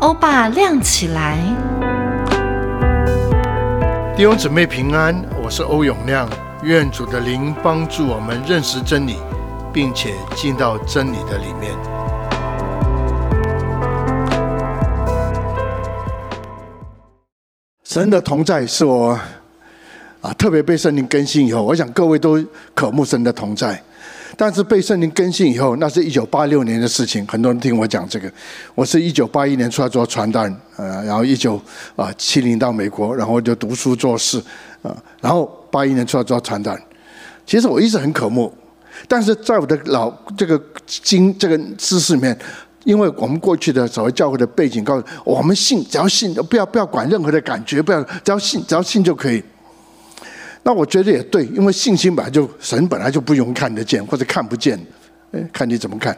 歐巴亮起來，弟兄姊妹平安，我是歐永亮，願主的靈幫助我們認識真理，並且進到真理的裡面。神的同在是我啊，特別被聖靈更新以後，我想各位都渴慕神的同在。但是被聖靈更新以後，那是一九八六年的事情。很多人聽我講這個，我是一九八一年出來做傳單，呃，然後一九啊七零到美國，然後就讀書做事，啊，然後八一年出來做傳單。其實我一直很渴慕，但是在我的老這個經這個知識裡面，因為我們過去的所謂教會的背景告訴我們信，信只要信，不要不要管任何的感覺，不要只要信只要信就可以。那我覺得也對，因為信心本來就神本來就不容易看得見或者看不見，哎，看你怎麼看，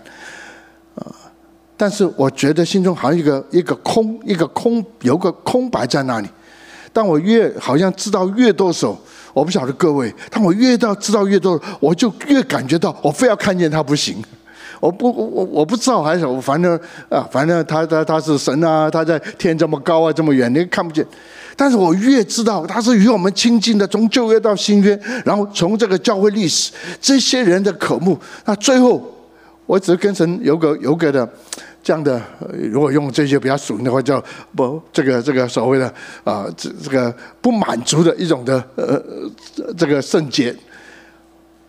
啊！但是我覺得心中好像一個一個空，一個空有個空白在那裡。但我越好像知道越多的時候，我不曉得各位，但我越到知道越多，我就越感覺到我非要看見他不行。我不我我不知道還是什麼，反正啊，反正他他他是神啊，他在天這麼高啊，這麼遠你看不見。但是我越知道他是與我們親近的，從舊約到新約，然後從這個教會歷史，這些人的渴慕，那最後我只跟神有個有個的這樣的，如果用這些比較俗的話叫不這個這個所謂的啊、呃、這這個不滿足的一種的呃這個聖潔。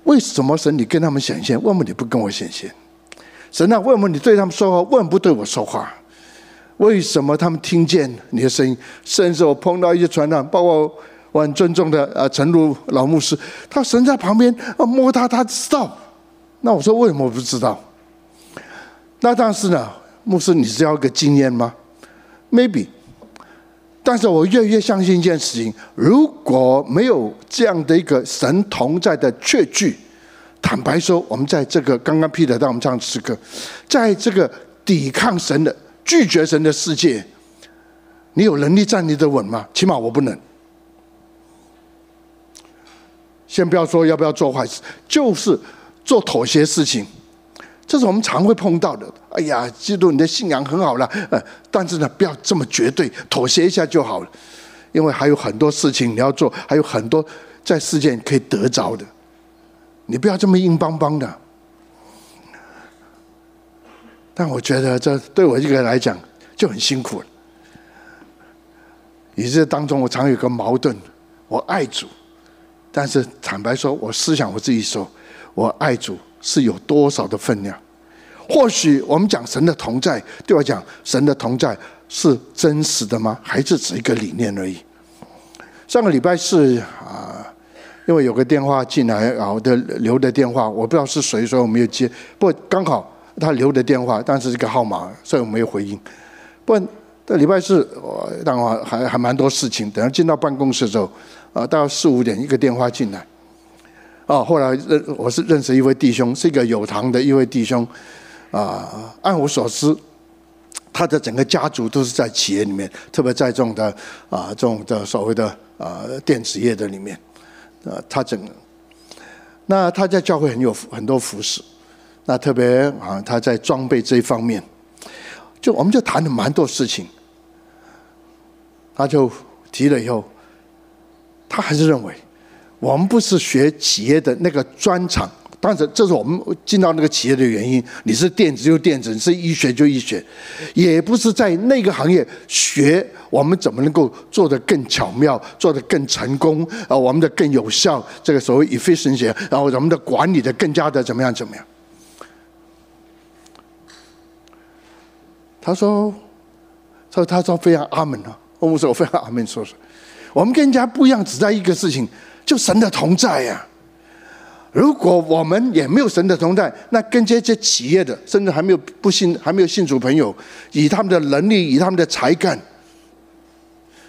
為什麼神你跟他們顯現？為什麼你不跟我顯現？神啊，為什麼你對他們說話，為什麼不對我說話？為什麼他們聽見你的聲音？甚至我碰到一些傳道，包括我很尊重的啊，陳如老牧師，他神在旁邊啊，摸他，他知道。那我說，為什麼我不知道？那但是呢，牧師你是要一個經驗嗎？maybe。但是我越越相信一件事情，如果沒有這樣的一個神同在的確據，坦白說，我們在這個剛剛 Peter 帶我們唱的詩歌，在這個抵抗神的。拒絕神的世界，你有能力站立得穩嗎？起碼我不能。先不要說要不要做壞事，就是做妥協事情，這是我們常會碰到的。哎呀，基督，你的信仰很好了，呃，但是呢，不要這麼絕對，妥協一下就好了，因為還有很多事情你要做，還有很多在世界你可以得着的，你不要這麼硬邦邦的。但我覺得這對我一個人來講就很辛苦了。以致當中，我常有個矛盾：我愛主，但是坦白說，我思想我自己說，我愛主是有多少的分量？或許我們講神的同在，對我講，神的同在是真實的嗎？還是只一個理念而已？上個禮拜四啊，因為有個電話進來，然後的留的電話，我不知道是誰，所以我沒有接。不過剛好。他留的電話，但是這個號碼，所以我沒有回應。不然，這個、禮拜四我當然還還蠻多事情。等下進到辦公室之後，啊、呃，大概四五點一個電話進來。哦、後來認我是認識一位弟兄，是一個有堂的一位弟兄。啊、呃，按我所知，他的整個家族都是在企業裡面，特別在這種的啊、呃，這種的所謂的啊、呃、電子業的裡面。啊、呃，他整個，那他在教會很有很多服侍。那特別啊，他在裝備這一方面，就我們就談了蠻多事情。他就提了以後，他還是認為，我們不是學企業的那個專長，但是這是我們進到那個企業的原因。你是電子就電子，你是醫學就醫學，也不是在那個行業學，我們怎麼能夠做得更巧妙，做得更成功啊？我們的更有效，這個所謂 efficiency，然後我們的管理的更加的怎麼樣怎麼樣？他說：“說他說非常阿門啊！我們說我非常阿門說說，我們跟人家不一樣，只在一個事情，就神的同在呀、啊。如果我們也沒有神的同在，那跟這些企業的，甚至還沒有不信、還沒有信主朋友，以他們的能力，以他們的才幹，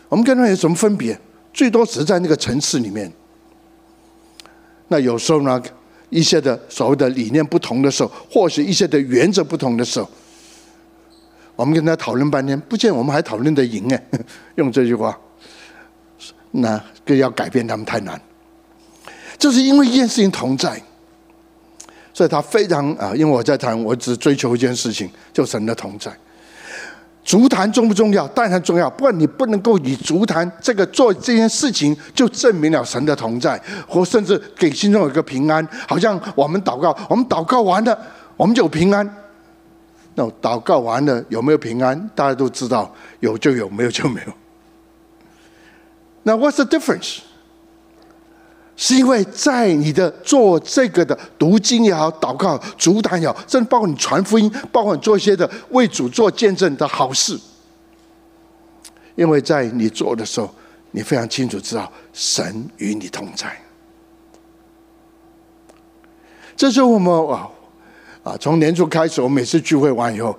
我們跟他有什麼分別？最多只在那個層次裡面。那有時候呢，一些的所謂的理念不同的時候，或是一些的原則不同的時候。”我們跟他討論半天，不見我們還討論得贏、哎、用這句話，那個要改變他們太難。就是因為一件事情同在，所以他非常啊，因為我在談，我只追求一件事情，就神的同在。足壇重不重要？當然重要。不過你不能夠以足壇這個做這件事情，就證明了神的同在，或甚至給心中有一個平安。好像我們禱告，我們禱告完了，我們就有平安。那、no, 禱告完了有沒有平安？大家都知道有就有，沒有就沒有。那 What's the difference？是因為在你的做這個的讀經也好，禱告、主打也好，甚至包括你傳福音，包括你做一些的為主做見證的好事，因為在你做的時候，你非常清楚知道神與你同在。這是我們哦。啊，從年初開始，我每次聚會完以後，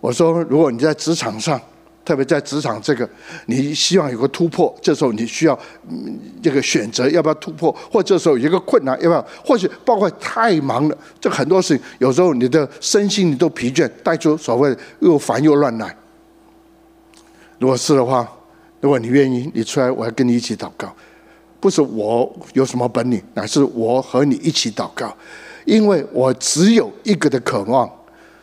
我說：如果你在職場上，特別在職場這個，你希望有個突破，這時候你需要、嗯、這個選擇要不要突破，或者這時候有一個困難要不要，或許包括太忙了，這很多事情，有時候你的身心你都疲倦，帶出所謂又煩又亂來。如果是的話，如果你願意，你出來，我要跟你一起禱告。不是我有什麼本領，乃是我和你一起禱告。因為我只有一個的渴望，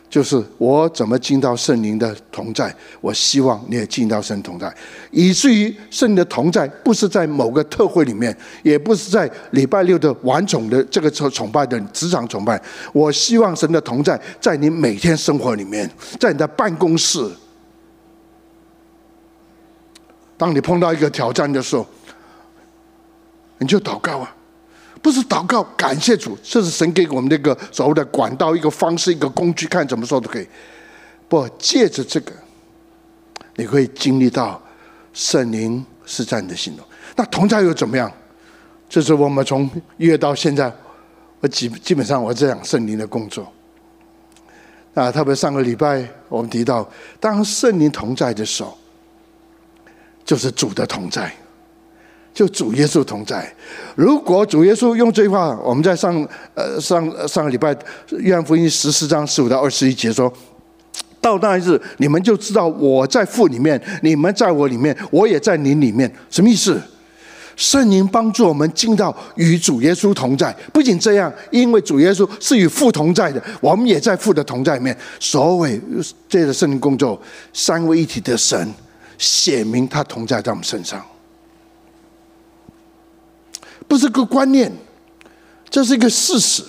就是我怎麼進到聖靈的同在。我希望你也進到聖靈同在，以至於聖靈的同在不是在某個特會裡面，也不是在禮拜六的晚崇的這個崇崇拜的職場崇拜。我希望神的同在在你每天生活裡面，在你的辦公室，當你碰到一個挑戰的時候，你就禱告啊。不是禱告感謝主，這是神給我們那個所謂的管道，一個方式，一個工具，看怎麼說都可以。不，借着這個，你會經歷到聖靈實在的行動。那同在又怎麼樣？這、就是我們從一月到現在，我基基本上我這樣聖靈的工作。啊，特別上個禮拜我們提到，當聖靈同在的時候，就是主的同在。就主耶穌同在。如果主耶穌用這句話，我們在上呃上上個禮拜約翰福音十四章十五到二十一節說：“到那一日，你們就知道我在父裡面，你們在我裡面，我也在你裡面。”什麼意思？聖靈幫助我們進到與主耶穌同在。不僅這樣，因為主耶穌是與父同在的，我們也在父的同在裡面。所謂這個聖靈工作三位一體的神，寫明他同在在我們身上。不是個觀念，這是一個事實。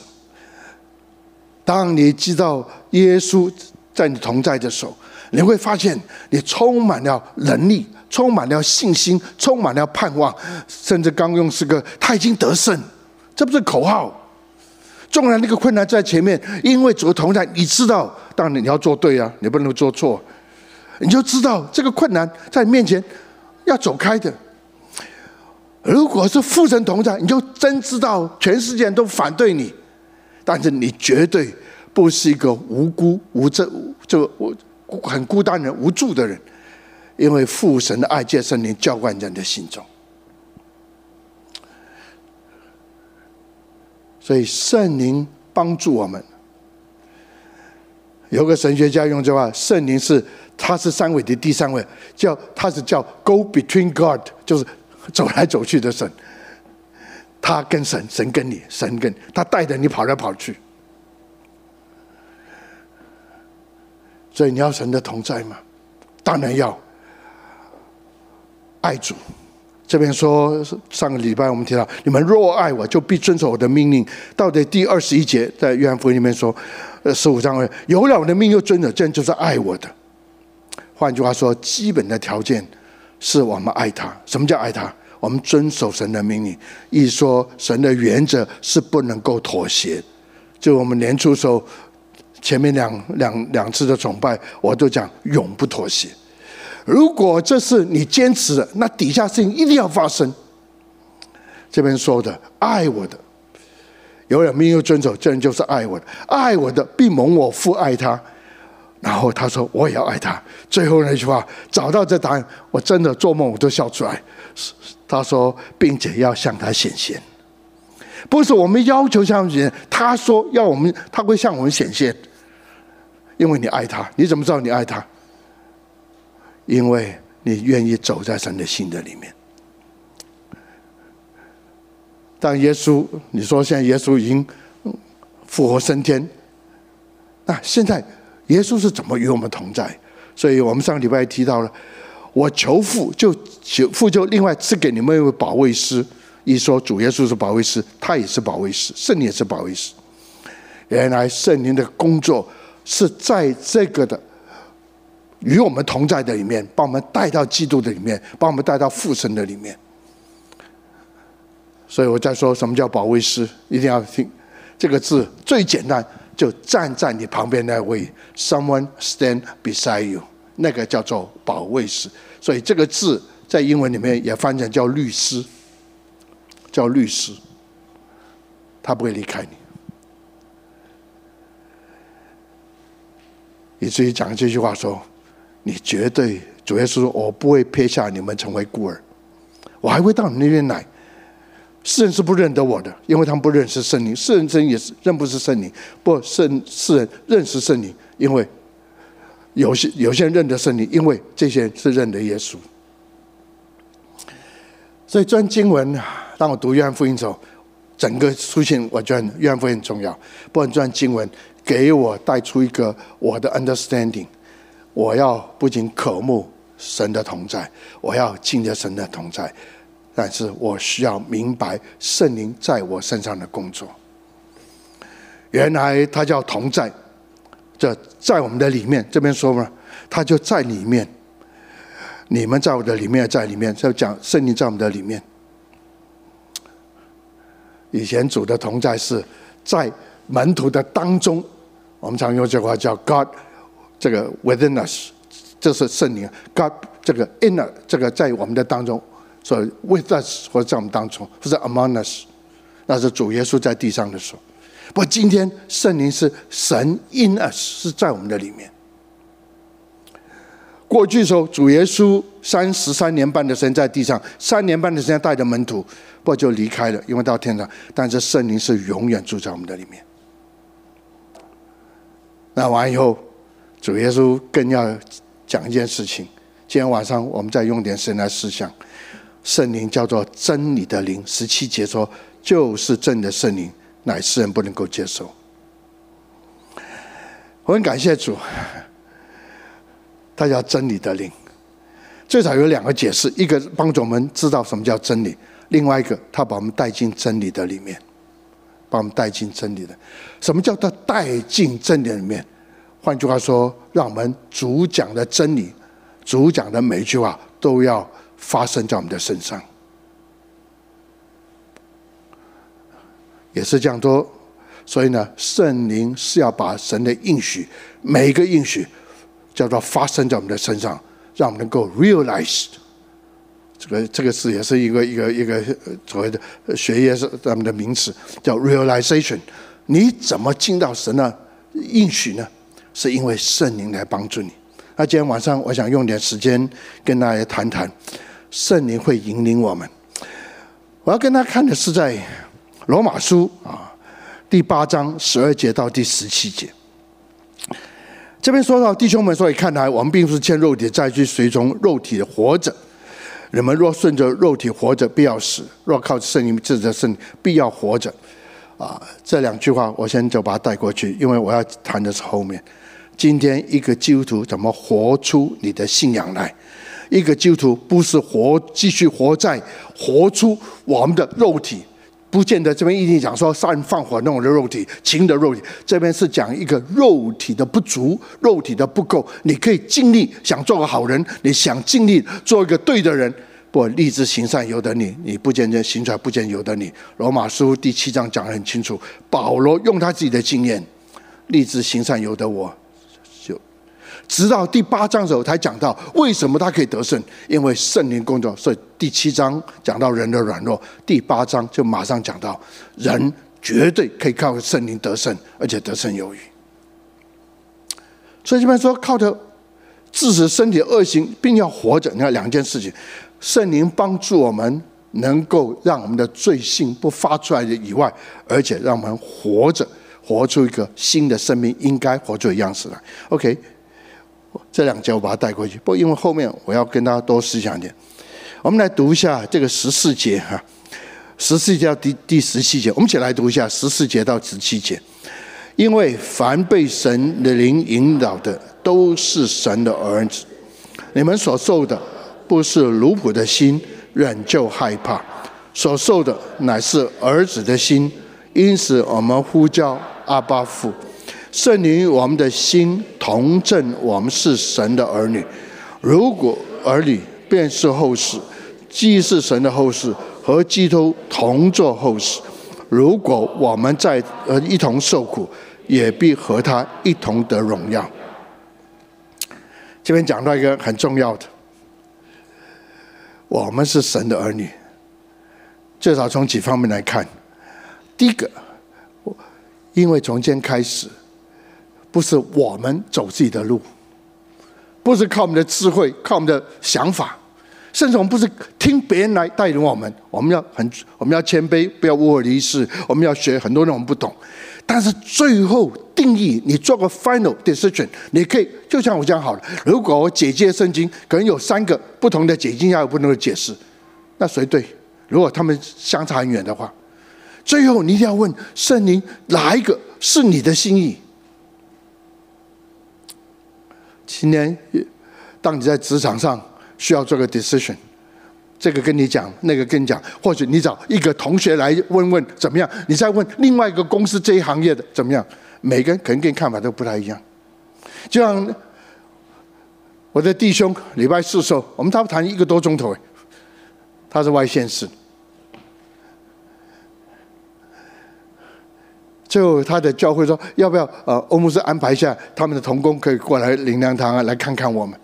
當你知道耶穌在你同在的時候，你會發現你充滿了能力，充滿了信心，充滿了盼望。甚至剛用詩歌，他已經得勝，這不是口號。縱然那個困難在前面，因為主的同在，你知道，當然你要做對啊，你不能做錯，你就知道這個困難在你面前要走開的。如果是父神同在，你就真知道全世界都反對你，但是你絕對不是一個無辜、無這、就我很孤單人、無助的人，因為父神的愛借聖靈澆灌在你的心中，所以聖靈幫助我們。有個神學家用這話：聖靈是，他是三位的第三位，叫，他是叫 Go between God，就是。走來走去的神，他跟神，神跟你，神跟你他帶着你跑來跑去，所以你要神的同在嗎？當然要。愛主，這邊說上個禮拜我們提到，你們若我愛我，就必遵守我的命令。到底第二十一節在約翰福音裡面說，十五章有了我的命，又遵守，這就是愛我的。換句話說，基本的條件。是我們愛他。什麼叫愛他？我們遵守神的命令。一說神的原則是不能夠妥協。就我們年初時候，前面兩兩兩次的崇拜，我都講永不妥協。如果這是你堅持的，那底下事情一定要發生。這邊說的愛我的，有了命令又遵守，這人就是愛我的。愛我的，必蒙我父愛他。然後他說：“我也要愛他。”最後那句話找到這答案，我真的做夢我都笑出來。他說，並且要向他顯現，不是我們要求向他顯現。他說要我們，他會向我們顯現，因為你愛他。你怎麼知道你愛他？因為你願意走在神的心的裡面。但耶穌，你說現在耶穌已經復活升天，那現在？耶穌是怎麼與我們同在？所以我們上禮拜提到了，我求父就求父就另外賜給你們一位保惠師。一說主耶穌是保惠師，他也是保惠師，聖靈也是保惠師。原來聖靈的工作是在這個的與我們同在的裡面，把我們帶到基督的裡面，把我們帶到父神的裡面。所以我在說什麼叫保惠師，一定要聽這個字最簡單。就站在你旁邊那位，someone stand beside you，那個叫做保惠師，所以這個字在英文裡面也翻成叫律師，叫律師，他不會離開你。以至於講這句話說，你絕對，主耶穌說我不會撇下你們成為孤兒，我還會到你那邊來。世人是不認得我的，因為他們不認識聖靈。世人真也是認不是聖靈，不，世人世人認識聖靈，因為有些有些人認得聖靈，因為這些人是認得耶穌。所以傳經文，當我讀約翰福音的時候，整個書信我覺得約翰福音很重要。不然傳經文給我帶出一個我的 understanding，我要不僅渴慕神的同在，我要敬接神的同在。但是我需要明白聖靈在我身上的工作。原來他叫同在，這在我們的裡面。這邊說嘛，他就在裡面。你們在我的裡面，在裡面，就講聖靈在我們的裡面。以前主的同在是在門徒的當中，我們常用這話叫 “God”，這個 “within us”，這是聖靈 “God”，這個 “inner”，這個在我們的當中。說、so、with us 或者在我們當中，或者 among us，那是主耶穌在地上的時候。不過今天聖靈是神 in us 是在我們的裡面。過去的時候，主耶穌三十三年半的時間在地上，三年半的時間帶着門徒，不就離開了，因為到天上。但是聖靈是永遠住在我們的裡面。那完以後，主耶穌更要講一件事情。今天晚上我們再用點神來思想。聖靈叫做真理的靈，十七節說，就是真理的聖靈，乃世人不能夠接受。我很感謝主，他叫真理的靈。最早有兩個解釋：一個幫助我們知道什麼叫真理；另外一個，他把我們帶進真理的裡面，把我們帶進真理的。什麼叫做帶進真理裡面？換句話說，讓我們主講的真理，主講的每一句話都要發生在我們的身上，也是這樣說，所以呢，聖靈是要把神的應許，每一個應許叫做發生在我們的身上，讓我們能夠 realize。這個這個字也是一個一個一個所謂的學業是咱們的名詞，叫 realization。你怎麼進到神的應許呢？是因為聖靈來幫助你。那今天晚上，我想用點時間跟大家談談聖靈會引領我們。我要跟大家看的是在羅馬書啊第八章十二節到第十七節。這邊說到弟兄們，所以看來我們並不是欠肉體再去隨從肉體的活着。人們若順着肉體活着，必要死；若靠聖靈，借着聖靈必要活着。啊，這兩句話我先就把它帶過去，因為我要談的是後面。今天一個基督徒怎麼活出你的信仰來？一個基督徒不是活繼續活在活出我們的肉體，不見得這邊一定講說殺人放火那種的肉體、情的肉體。這邊是講一個肉體的不足、肉體的不夠。你可以盡力想做個好人，你想盡力做一個對的人。不立志行善由得你，你不見得行出來；不見得由得你，羅馬書第七章講得很清楚，保羅用他自己的經驗，立志行善由得我。直到第八章的時候才講到為什麼他可以得勝，因為聖靈工作。所以第七章講到人的軟弱，第八章就馬上講到人絕對可以靠聖靈得勝，而且得勝有餘。所以這邊說，靠着治死身體惡行，並要活着。那兩件事情，聖靈幫助我們能夠讓我們的罪性不發出來的以外，而且讓我們活着，活出一個新的生命，應該活出的樣子來。OK。這兩節我把它帶過去，不過因為後面我要跟大家多思想一點。我們來讀一下這個十四節哈，十四節到第第十七節，我們一起來讀一下十四節到十七節。因為凡被神的靈引導的，都是神的兒子。你們所受的不是奴僕的心，仍舊害怕；所受的乃是兒子的心，因此我們呼叫阿爸父。聖靈與我們的心同證，我們是神的兒女。如果兒女便是後嗣，既是神的後嗣，和基督同作後嗣。如果我們在呃一同受苦，也必和他一同得榮耀。這邊講到一個很重要的，我們是神的兒女。至少從幾方面來看，第一個，因為從今天開始。不是我們走自己的路，不是靠我們的智慧，靠我們的想法，甚至我們不是聽別人來帶領我們。我們要很，我們要謙卑，不要我傲一世。我們要學很多人，我們不懂。但是最後定義，你做個 final decision，你可以就像我講好了。如果我解經聖經，可能有三個不同的解經家有不同的解釋，那誰對？如果他們相差很遠的話，最後你一定要問聖靈，哪一個是你的心意？今天，當你在職場上需要做個 decision，這個跟你講，那個跟你講，或者你找一個同學來問問怎麼樣，你再問另外一個公司這一行業的怎麼樣，每個人肯定看法都不太一樣。就像我的弟兄禮拜四的時候，我們差不多談一個多鐘頭誒，他是外縣市。就他的教會說，要不要呃，歐牧師安排一下他們的同工可以過來靈糧堂啊，來看看我們。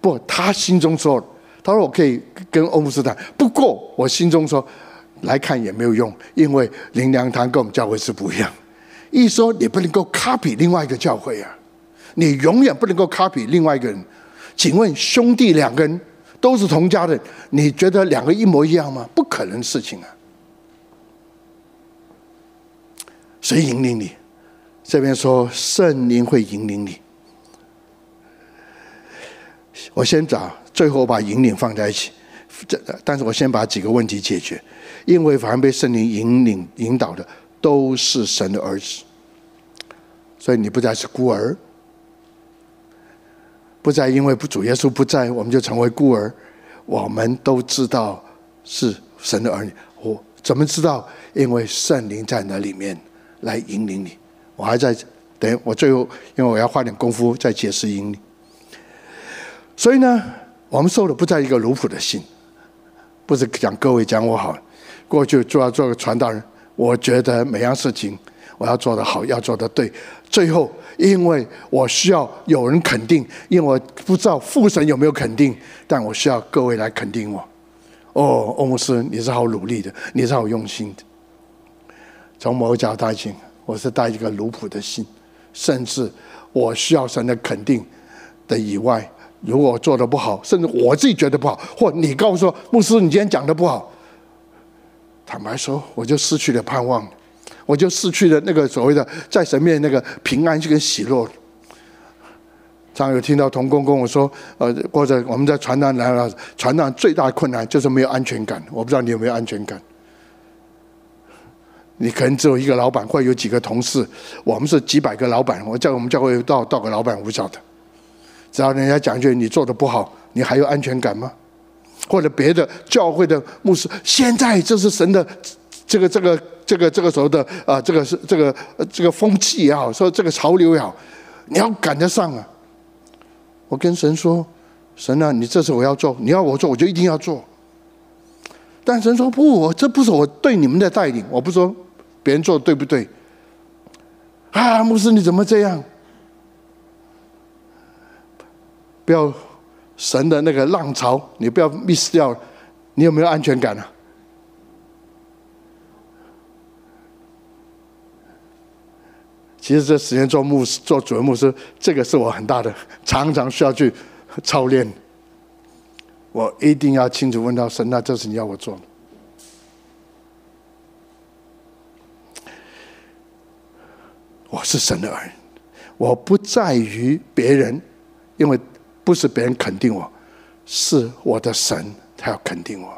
不，他心中說，他說我可以跟歐牧師談，不過我心中說，來看也沒有用，因為靈糧堂跟我們教會是不一樣，一說你不能夠 copy 另外一個教會啊，你永遠不能夠 copy 另外一個人。請問兄弟兩個人都是同家的，你覺得兩個一模一樣嗎？不可能事情啊。誰引領你？這邊說聖靈會引領你。我先講，最後把引領放在一起。這，但是我先把幾個問題解決，因為凡被聖靈引領引導的，都是神的兒子，所以你不再是孤兒，不再因為不主耶穌不在，我們就成為孤兒。我們都知道是神的兒女，我怎麼知道？因為聖靈在那裡面。來引領你，我還在等我最後，因為我要花點功夫再解釋引領。所以呢，我們受的不在一個奴僕的心，不是講各位講我好，過去就要做個傳道人。我覺得每樣事情我要做得好，要做得對。最後，因為我需要有人肯定，因為我不知道父神有沒有肯定，但我需要各位來肯定我。哦，歐姆斯，你是好努力的，你是好用心的。從某個角度講，我是帶一個奴僕的心，甚至我需要神的肯定的以外，如果我做的不好，甚至我自己覺得不好，或你告訴我牧師，你今天講的不好，坦白說，我就失去了盼望，我就失去了那個所謂的在神面那個平安這個喜樂。常有聽到同工跟我說，呃，或者我們在傳道來了，傳道最大的困難就是沒有安全感，我不知道你有沒有安全感？你可能只有一個老闆，或有幾個同事。我們是幾百個老闆，我叫我們教會到到個老闆，我不曉得。只要人家講一句你做得不好，你還有安全感嗎？或者別的教會的牧師，現在這是神的這個這個這個這個時候的啊、呃，這個是這個這個風氣也好，說這個潮流也好，你要趕得上啊！我跟神說，神啊，你這次我要做，你要我做，我就一定要做。但神說不，我這不是我對你們的帶領，我不說。別人做對不對？啊，牧師，你怎麼這樣？不要神的那個浪潮，你不要 miss 掉。你有沒有安全感啊？其實這時間做牧師、做主任牧師，這個是我很大的，常常需要去操練。我一定要清楚問到神，那這是你要我做的。我是神的兒，我不在於別人，因為不是別人肯定我，是我的神他要肯定我。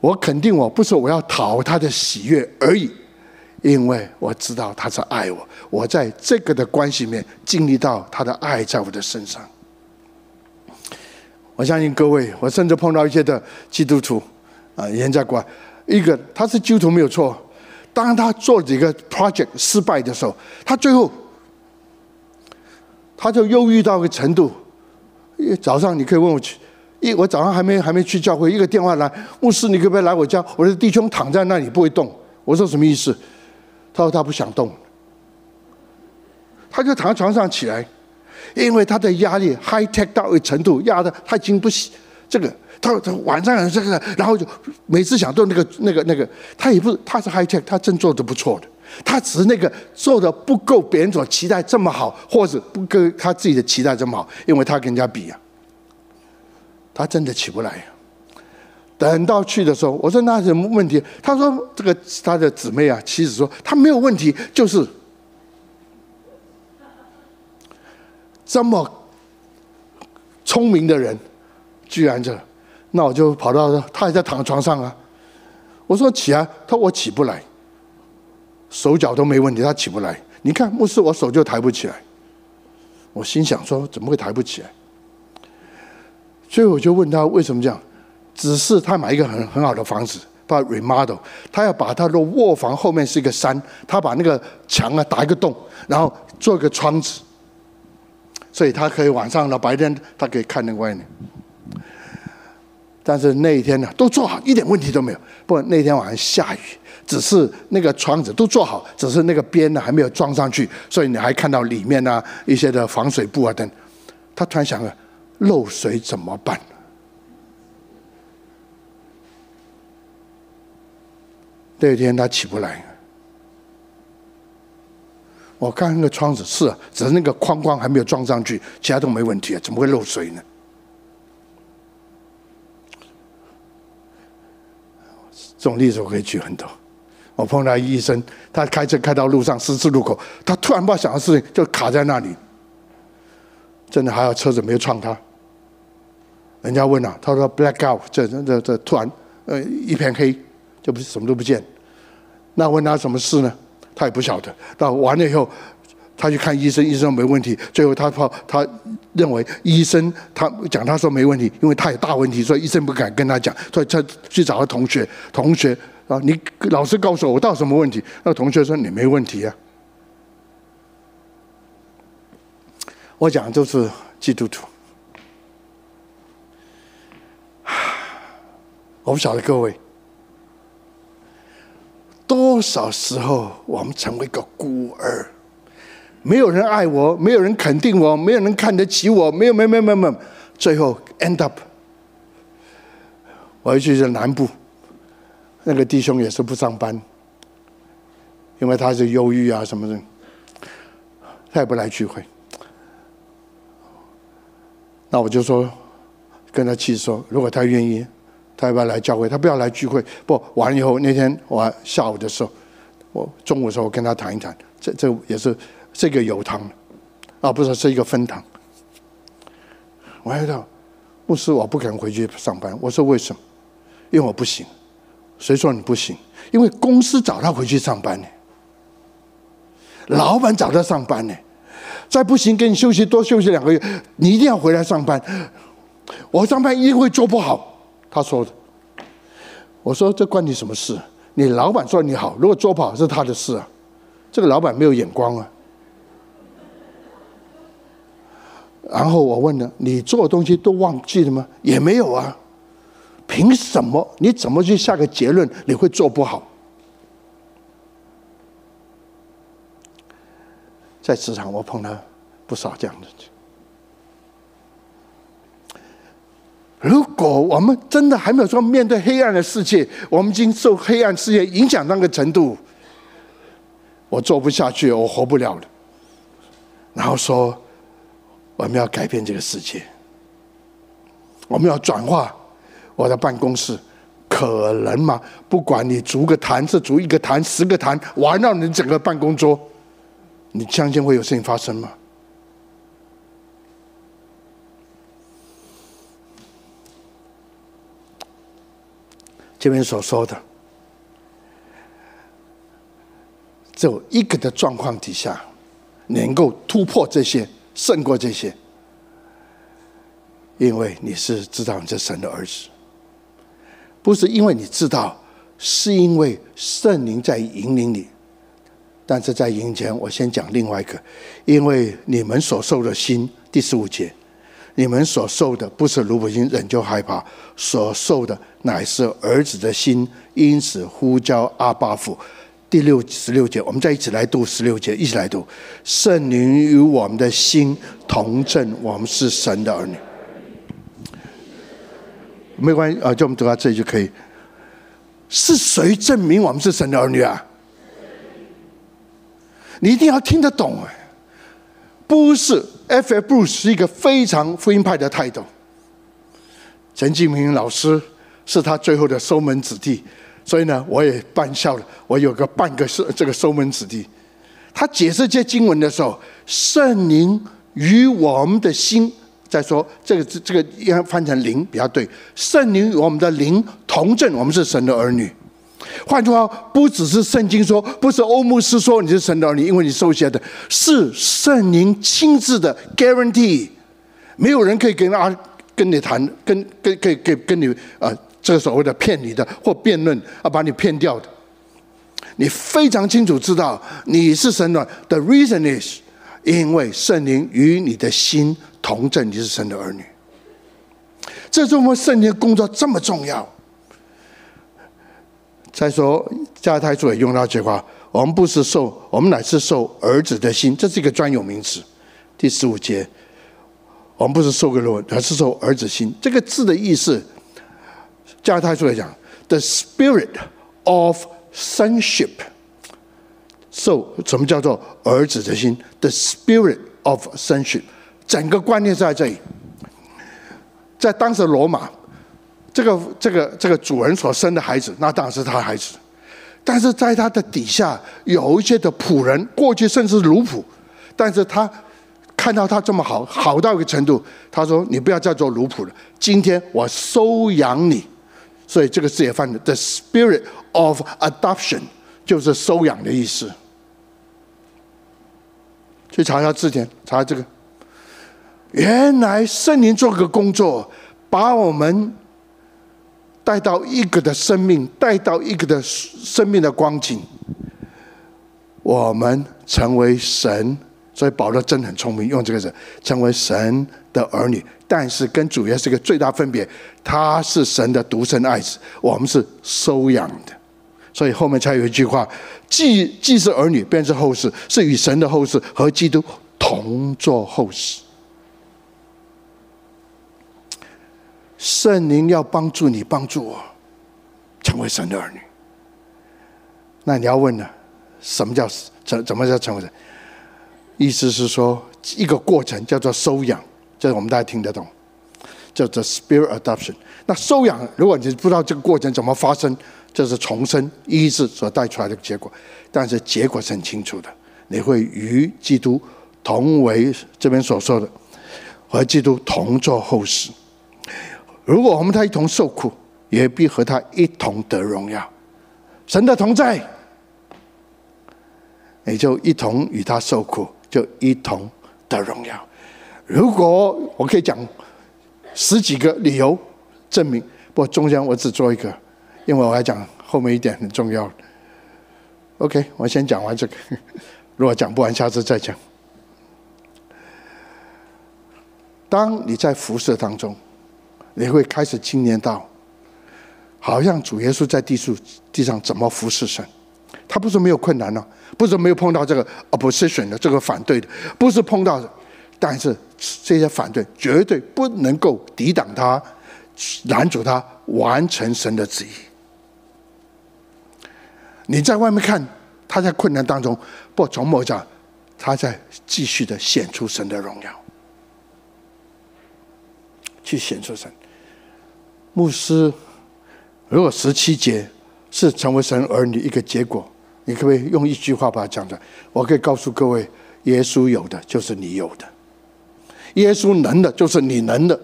我肯定我不是我要討他的喜悅而已，因為我知道他是愛我，我在這個的關係裡面經歷到他的愛在我的身上。我相信各位，我甚至碰到一些的基督徒啊，人家說一個他是基督徒沒有錯。當他做幾個 project 失敗的時候，他最後，他就憂鬱到一個程度。早上你可以問我去，一我早上還沒還沒去教會，一個電話來，牧師，你可不可以來我家？我的弟兄躺在那裡不會動。我說什麼意思？他說他不想動，他就躺在床上起來，因為他的壓力 high tech 到一個程度，壓得他已經不行。這個他他晚上這個，然後就每次想做那個那個那個，他、那個那個、也不他是 high tech，他真做的不錯的，他只是那個做的不夠別人所期待這麼好，或者不跟他自己的期待這麼好，因為他跟人家比呀、啊，他真的起不來呀、啊。等到去的時候，我說那是什麼問題？他說這個他的姊妹啊妻子說他沒有問題，就是這麼聰明的人。居然這，那我就跑到他還在躺在床上啊！我說起啊，他說我起不來，手腳都沒問題，他起不來。你看牧師，我手就抬不起來。我心想說，怎麼會抬不起來？所以我就問他為什麼這樣？只是他買一個很很好的房子，他要 remodel，他要把他的臥房後面是一個山，他把那個牆啊打一個洞，然後做一個窗子，所以他可以晚上到白天他可以看那個外面。但是那一天呢，都做好一點問題都沒有。不過那天晚上下雨，只是那個窗子都做好，只是那個邊呢還沒有裝上去，所以你還看到裡面呢、啊、一些的防水布啊等。他突然想了，漏水怎麼辦？那一天他起不來。我看那個窗子是，只是那個框框還沒有裝上去，其他都沒問題啊，怎麼會漏水呢？這種例子我可以舉很多，我碰到醫生，他開車開到路上十字路口，他突然把想到事情，就卡在那裡，真的還有車子沒有撞他。人家問了，啊，他說 “black out”，這這這突然呃一片黑，就不是什麼都不見。那問他什麼事呢？他也不曉得。那完了以後。他去看醫生，醫生說沒問題。最後他怕他認為醫生他講他說沒問題，因為他有大問題，所以醫生不敢跟他講，所以他去找了同學。同學啊，你老實告訴我，我到底什麼問題？那個同學說，你沒問題呀，啊。我講就是基督徒。我不曉得各位多少時候我們成為一個孤兒。沒有人愛我，沒有人肯定我，沒有人看得起我，沒有，沒有，沒有，沒有，最後 end up。我去去南部，那個弟兄也是不上班，因為他是憂鬱啊什麼的，他也不來聚會。那我就說，跟他去說，如果他願意，他要不要來教會？他不要來聚會。不，完以後那天我下午的時候，我中午的時候跟他談一談，這這也是。這個油湯啊，不是是一個分湯。我還說，牧師，我不肯回去上班。我說為什麼？因為我不行。誰說你不行？因為公司找他回去上班呢，老闆找他上班呢。再不行，給你休息，多休息兩個月。你一定要回來上班。我上班一定會做不好，他說的。我說這關你什麼事？你老闆說你好，如果做不好是他的事啊。這個老闆沒有眼光啊。然後我問了：“你做的東西都忘記了嗎？”也沒有啊。憑什麼？你怎麼去下個結論？你會做不好？在職場，我碰到不少這樣的人。如果我們真的還沒有說面對黑暗的世界，我們已經受黑暗世界影響那個程度，我做不下去，我活不了了。然後說。我們要改變這個世界，我們要轉化。我的辦公室可能嗎？不管你逐個壇子，逐一個壇，十個壇，玩到你整個辦公桌，你相信會有事情發生嗎？這邊所說的，就一個的狀況底下，能夠突破這些。勝過這些，因為你是知道你是神的兒子，不是因為你知道，是因為聖靈在引領你。但是在營前，我先講另外一個，因為你們所受的心，第十五節，你們所受的不是奴僕心，仍舊害怕；所受的乃是兒子的心，因此呼叫阿爸父。第六十六節，我們再一起來讀十六節，一起來讀。聖靈與我們的心同證，我們是神的兒女。沒關係啊，就我們讀到這裡就可以。是誰證明我們是神的兒女啊？你一定要聽得懂啊。不是，F. F. Bruce 是一個非常福音派的態度。陳繼明老師是他最後的收門子弟。所以呢，我也半笑了。我有個半個是這個收門子弟，他解釋這些經文的時候，聖靈與我們的心在說：這個這這個要翻成靈比較對。聖靈與我們的靈同證，我們是神的兒女。換句話，不只是聖經說，不是歐牧師說你是神的兒女，因為你受洗的是聖靈親自的 guarantee，沒有人可以跟阿跟你談，跟跟可以可以跟你啊、呃。這個所謂的騙你的或辯論啊，而把你騙掉的，你非常清楚知道你是神的。The reason is，因為聖靈與你的心同證，你是神的兒女。這是我們的聖靈的工作這麼重要。再說加拉太書也用到這句話：我們不是受，我們乃是受兒子的心，這是一個專有名詞。第十五節，我們不是受格羅，而是受兒子心。這個字的意思。加拉太出來講，the spirit of sonship。so，什麼叫做兒子的心？the spirit of sonship，整個觀念在這裡。在當時羅馬，這個這個這個主人所生的孩子，那當然是他孩子。但是在他的底下，有一些的僕人，過去甚至是奴僕，但是他看到他這麼好，好到一個程度，他說：“你不要再做奴僕了，今天我收養你。”所以這個字也翻譯 The Spirit of adoption 就是收養的意思。去查一下字典，查查這個。原來聖靈做個工作，把我們帶到一個的生命，帶到一個的生命的光景，我們成為神。所以保羅真很聰明，用這個詞成為神的兒女，但是跟主耶穌是一個最大分別，他是神的獨生愛子，我們是收養的，所以後面才有一句話：既既是兒女，便是後嗣，是與神的後嗣和基督同作後嗣。聖靈要幫助你，幫助我，成為神的兒女。那你要問了，什麼叫成？怎麼叫成為神？意思是說，一個過程叫做收養，這我們大家聽得懂，叫做 spirit adoption。那收養，如果你不知道這個過程怎麼發生，這、就是重生醫治所帶出來的結果。但是結果是很清楚的，你會與基督同為這邊所說的，和基督同作後嗣。如果我們他一同受苦，也必和他一同得榮耀。神的同在，你就一同與他受苦。就一,一同的榮耀。如果我可以講十幾個理由證明，不過中間我只做一個，因為我要講後面一點很重要。OK，我先講完這個，如果講不完，下次再講。當你在服侍當中，你會開始經驗到，好像主耶穌在地主地上怎麼服侍神。他不是沒有困難了、啊，不是沒有碰到這個 opposition 的這個反對的，不是碰到的，但是這些反對絕對不能夠抵擋他、攔阻他完成神的旨意。你在外面看他在困難當中，不，從某講，他在繼續的顯出神的榮耀，去顯出神。牧師，如果十七節。是成為神兒女一個結果，你可不可以用一句話把它講出來？我可以告訴各位，耶穌有的就是你有的，耶穌能的就是你能的，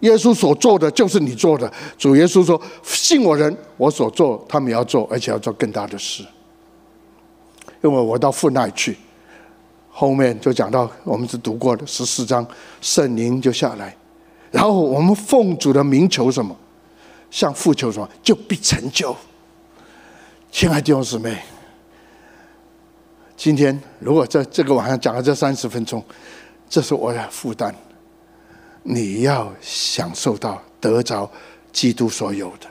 耶穌所做的就是你做的。主耶穌說：“信我人，我所做，他們也要做，而且要做更大的事。”因為我到父那裡去，後面就講到我們是讀過的十四章，聖靈就下來，然後我們奉主的名求什麼，向父求什麼，就必成就。親愛的弟兄姊妹，今天如果在這個晚上講了這三十分鐘，這是我的負擔。你要享受到得着基督所有的，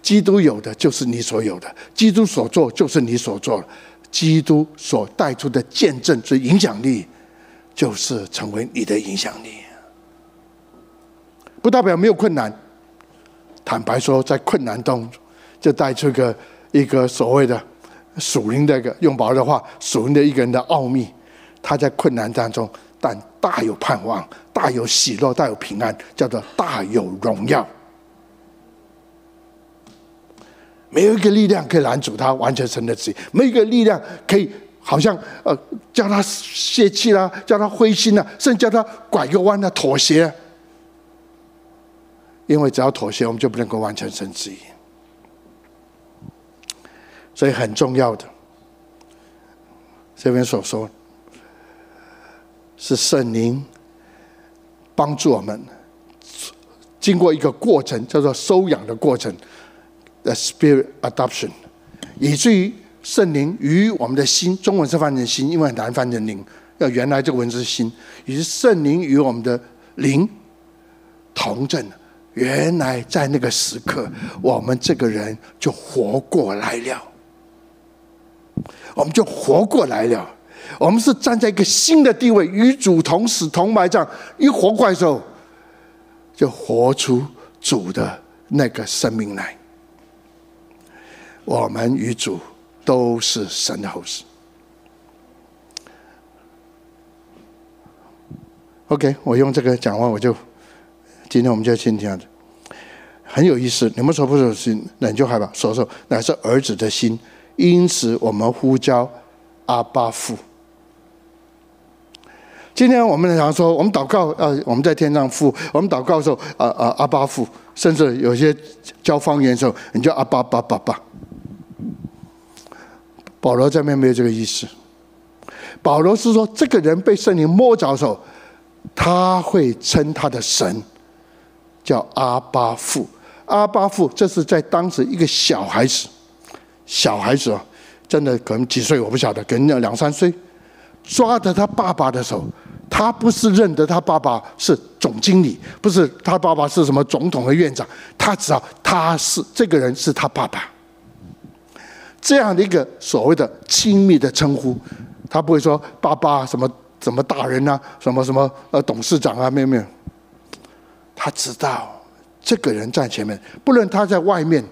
基督有的就是你所有的，基督所做就是你所做，基督所帶出的見證之影響力，就是成為你的影響力。不代表沒有困難。坦白說，在困難中就帶出一個。一個所謂的屬靈的一個用保羅的話，屬靈的一個人的奧秘，他在困難當中，但大有盼望，大有喜樂，大有平安，叫做大有榮耀。沒有一個力量可以攔阻他完成神的旨意，沒有一個力量可以好像呃叫他泄氣啦、啊，叫他灰心啦、啊，甚至叫他拐個彎的、啊、妥協、啊。因為只要妥協，我們就不能夠完成神旨意。所以很重要的，這邊所說是聖靈幫助我們，經過一個過程，叫做收養的過程 the （spirit adoption），以至於聖靈與我們的心（中文是翻譯心，因為很難翻譯靈），要原來這個文字是心，於是聖靈與我們的靈同振。原來在那個時刻，我們這個人就活過來了。我們就活過來了，我們是站在一個新的地位，與主同死同埋葬。一活過來之後，就活出主的那個生命來。我們與主都是神的後嗣。OK，我用這個講話，我就今天我們就先聽這樣，很有意思。你們說不走心，那你就害怕；說說，乃是兒子的心。因此，我們呼叫阿爸父。今天我們常說，我們禱告，呃，我們在天上父，我們禱告的時候，呃呃，阿爸父，甚至有些教方言的時候，你叫阿爸爸爸爸。保羅這邊沒有這個意思，保羅是說，這個人被聖靈摸着的時候，他會稱他的神叫阿爸父，阿爸父，這是在當時一個小孩子。小孩子哦，真的可能幾歲我不曉得，可能兩三歲，抓着他爸爸的手，他不是認得他爸爸是總經理，不是他爸爸是什麼總統和院長，他知道他是這個人是他爸爸，這樣的一個所謂的親密的稱呼，他不會說爸爸什麼什麼大人吶，啊，什麼什麼呃董事長啊，沒有沒有，他知道這個人在前面，不論他在外面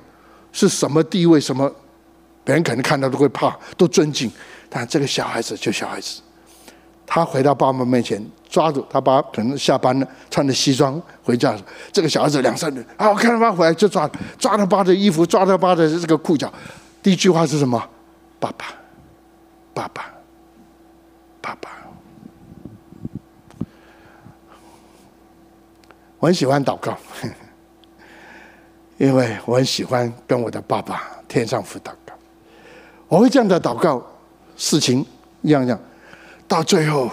是什麼地位什麼，別人可能看到都會怕，都尊敬，但這個小孩子就小孩子，他回到爸爸面前，抓住他爸，可能下班了，穿着西裝回家。這個小孩子兩三歲，啊，我看到爸回來就抓抓他爸的衣服，抓他爸的這個褲腳。第一句話是什麼？爸爸，爸爸，爸爸。我很喜歡禱告， 因為我很喜歡跟我的爸爸天上父禱告。我會這樣的禱告，事情一樣一樣，到最後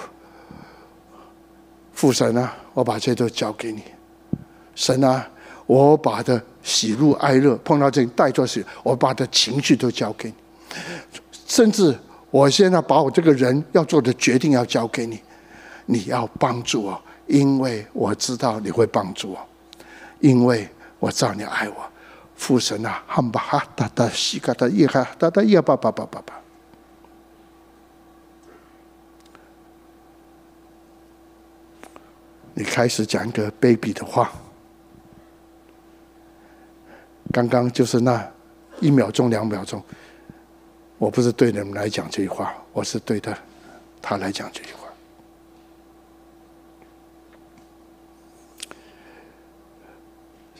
父神啊，我把這些都交給你；神啊，我把的喜怒哀樂碰到這裡帶出來，我把的情緒都交給你。甚至我現在把我這個人要做的決定要交給你，你要幫助我，因為我知道你會幫助我，因為我知道你愛我。父神啊，漢巴哈，大大西嘎大耶哈，卡，大大巴巴巴巴巴。你開始講一個 baby 的話，剛剛就是那一秒鐘、兩秒鐘。我不是對你們來講這句話，我是對他，他來講這句話。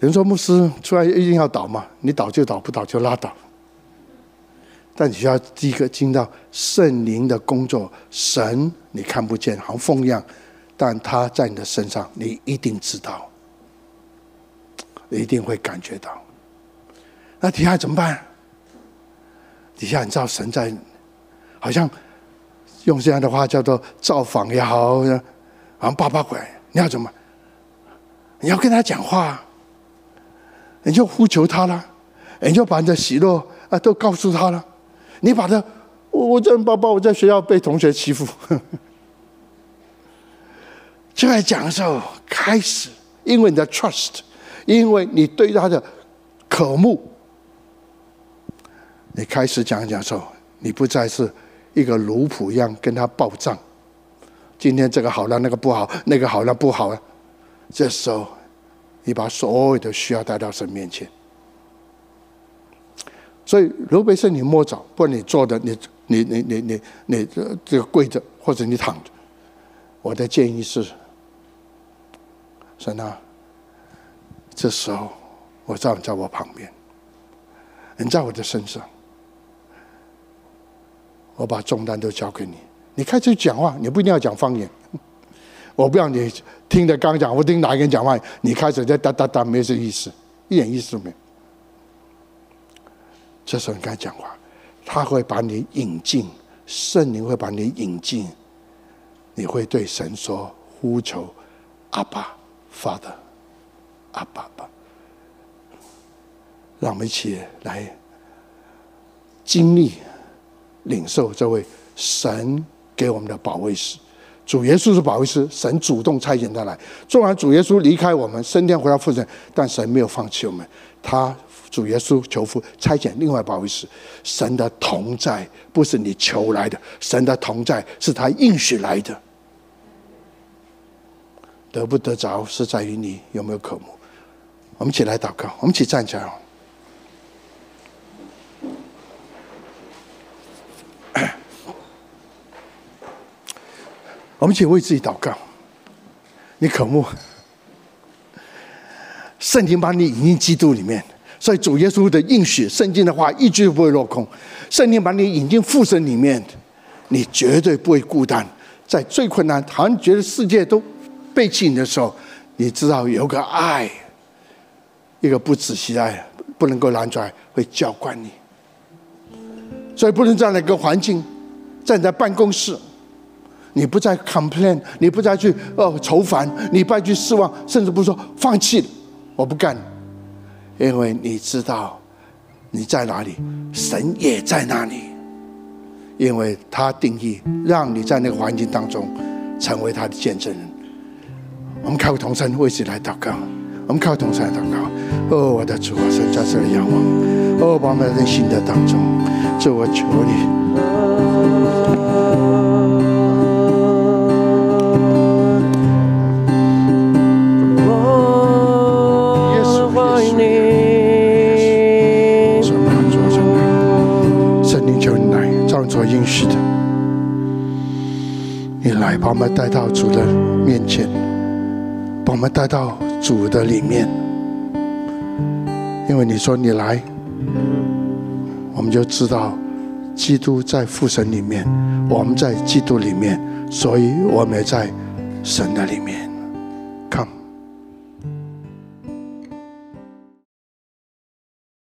人說：“牧師出來一定要禱嘛？你禱就禱，不禱就拉倒。”但你需要第一個進到聖靈的工作，神你看不見，好像風一樣，但他在你的身上，你一定知道，你一定會感覺到。那底下怎麼辦？底下你知道神在，好像用這樣的話叫做造訪也好，好像八八拐，你要怎麼？你要跟他講話。你就呼求他了，你就把你的喜怒啊都告訴他了。你把他我，我我在爸爸我在學校被同學欺負， 就在講的時候開始，因為你的 trust，因為你對他的渴慕，你開始講一講的時候，你不再是一個奴僕一樣跟他報賬。今天這個好了，那個不好，那個好了不好，這時候。你把所有的需要帶到神面前，所以，如果是你摸着，不然你坐着，你你你你你你這這個跪着，或者你躺着，我的建議是：神吶、啊，這時候我站在我旁邊，你在我的身上，我把重擔都交給你。你開始講話，你不一定要講方言。我不要你聽着剛講，我聽哪個人講話，你開始在噠噠噠，沒什麼意思，一點意思都沒有。這時候你跟他講話，他會把你引進，聖靈會把你引進，你會對神說呼求阿爸 Father 阿爸爸，讓我們一起來經歷領受這位神給我們的保惠師。主耶穌是保惠師，神主動差遣他來。縱然主耶穌離開我們，升天回到父神，但神沒有放棄我們。他主耶穌求父差遣另外保惠師。神的同在不是你求來的，神的同在是他應許來的。得不得着，是在於你有沒有渴慕。我們一起來禱告，我們一起站起來。我們請為自己禱告。你渴慕聖靈把你引進基督裡面，所以主耶穌的應許，聖經的話，一句不會落空。聖靈把你引進父神裡面，你絕對不會孤單。在最困難，好像覺得世界都背棄你的時候，你知道有個愛，一個不止息的愛，不能夠攔出來，會澆灌你。所以不能站在一個環境，站在辦公室。你不再 complain，你不再去哦愁煩，你不要去失望，甚至不說放棄我不幹，因為你知道，你在哪裡，神也在哪裡，因為他定義讓你在那個環境當中，成為他的見證人。我們靠同聲一起來禱告，我們靠同聲來禱告。哦，我的主啊，神在這裡仰望，哦，我們的心的當中，主，我求你。把我們帶到主的面前，把我們帶到主的裡面，因為你說你來，我們就知道基督在父神裡面，我們在基督裡面，所以我們也在神的裡面。